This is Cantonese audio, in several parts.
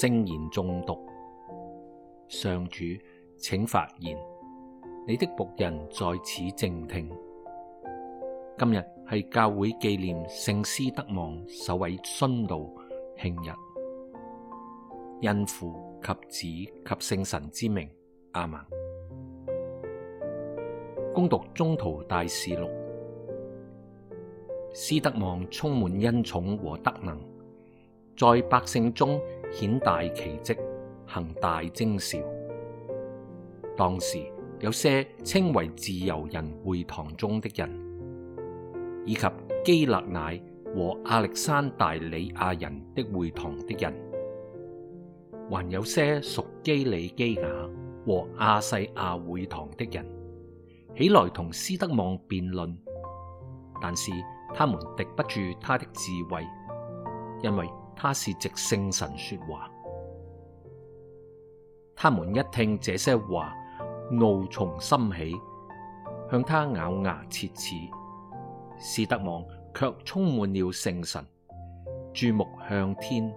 聖言誦讀，上主，請發言，你的僕人在此靜聽。今日係教會紀念聖斯德望首位殉道慶日，因父及子及聖神之名，阿門。恭讀宗徒大事錄，斯德望充滿恩寵和德能，在百姓中。顯大奇蹟，行大徵兆。當時有些稱為自由人會堂中的人，以及基勒乃和亞歷山大里亞人的會堂的人，還有些屬基里基雅和亞細亞會堂的人，起來同斯德望辯論，但是他們敵不住他的智慧，因為。他是藉聖神說話，他們一聽這些話，怒從心起，向他咬牙切齒。斯德望卻充滿了聖神，注目向天，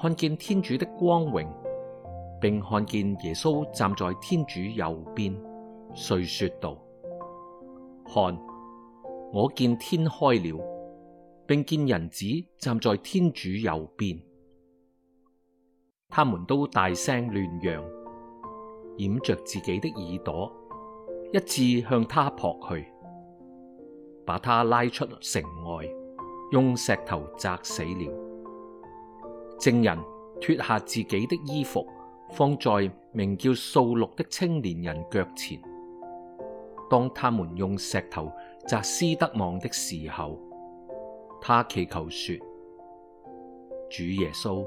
看見天主的光榮，並看見耶穌站在天主右邊，遂說道：看，我見天開了。並見人子站在天主右邊。他們都大聲亂嚷，掩着自己的耳朵，一致向他撲去，把他拉出城外，用石頭砸死了。證人脱下自己的衣服，放在名叫掃祿的青年人腳前。當他們用石頭砸斯德望的時候，他祈求說：主耶穌，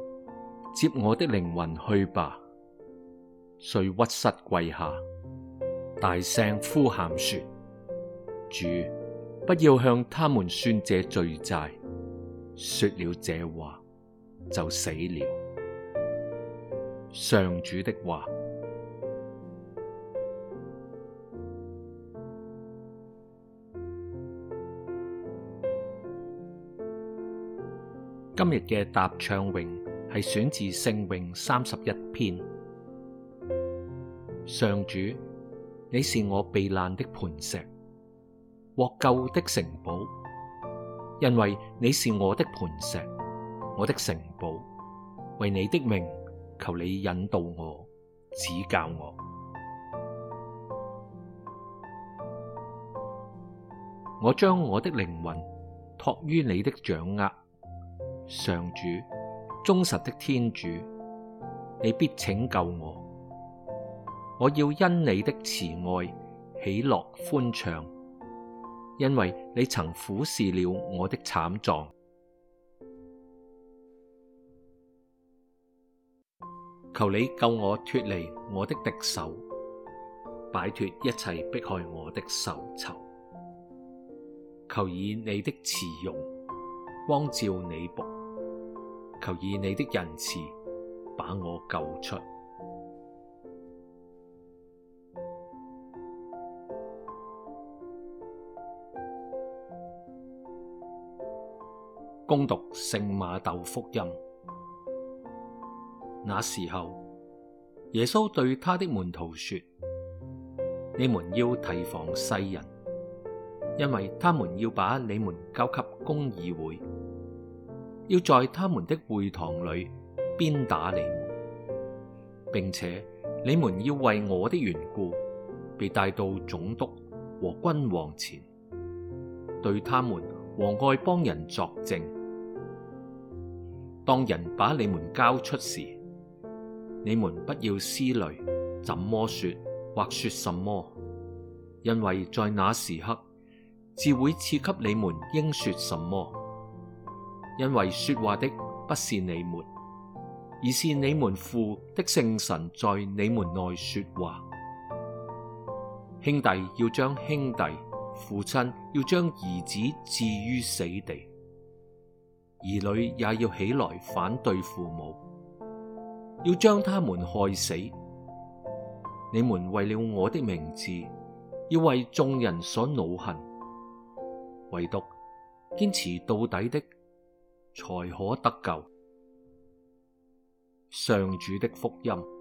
接我的靈魂去吧。遂屈膝跪下，大聲呼喊說：主，不要向他們算這罪債。說了這話，就死了。上主的話。今日嘅答唱詠係選自聖詠三十一篇。上主，你是我避難的磐石，獲救的城堡，因為你是我的磐石，我的城堡。為你的名，求你引導我，指教我。我將我的靈魂託於你的掌握。上主，忠實的天主，你必拯救我。我要因你的慈愛喜樂歡暢，因為你曾俯視了我的慘狀。求你救我脫離我的敵手，擺脫一切迫害我的仇讐。求以你的慈容光照你僕，求以你的仁慈把我救出。恭讀《聖馬竇福音》，那時候，耶穌對他的門徒說：你們要提防世人，因為他們要把你們交給公議會。要在他們的會堂裏鞭打你們，並且你們要為我的緣故被帶到總督和君王前，對他們和外邦人作證。當人把你們交出時，你們不要思慮：怎麼說或說什麼，因為在那時刻，自會賜給你們應說什麼。因為說話的不是你們，而是你們父的聖神在你們內說話。兄弟要將兄弟，父親要將兒子置於死地，兒女也要起來反對父母，要將他們害死。你們為了我的名字，要為眾人所惱恨，唯獨堅持到底的。才可得救。上主的福音。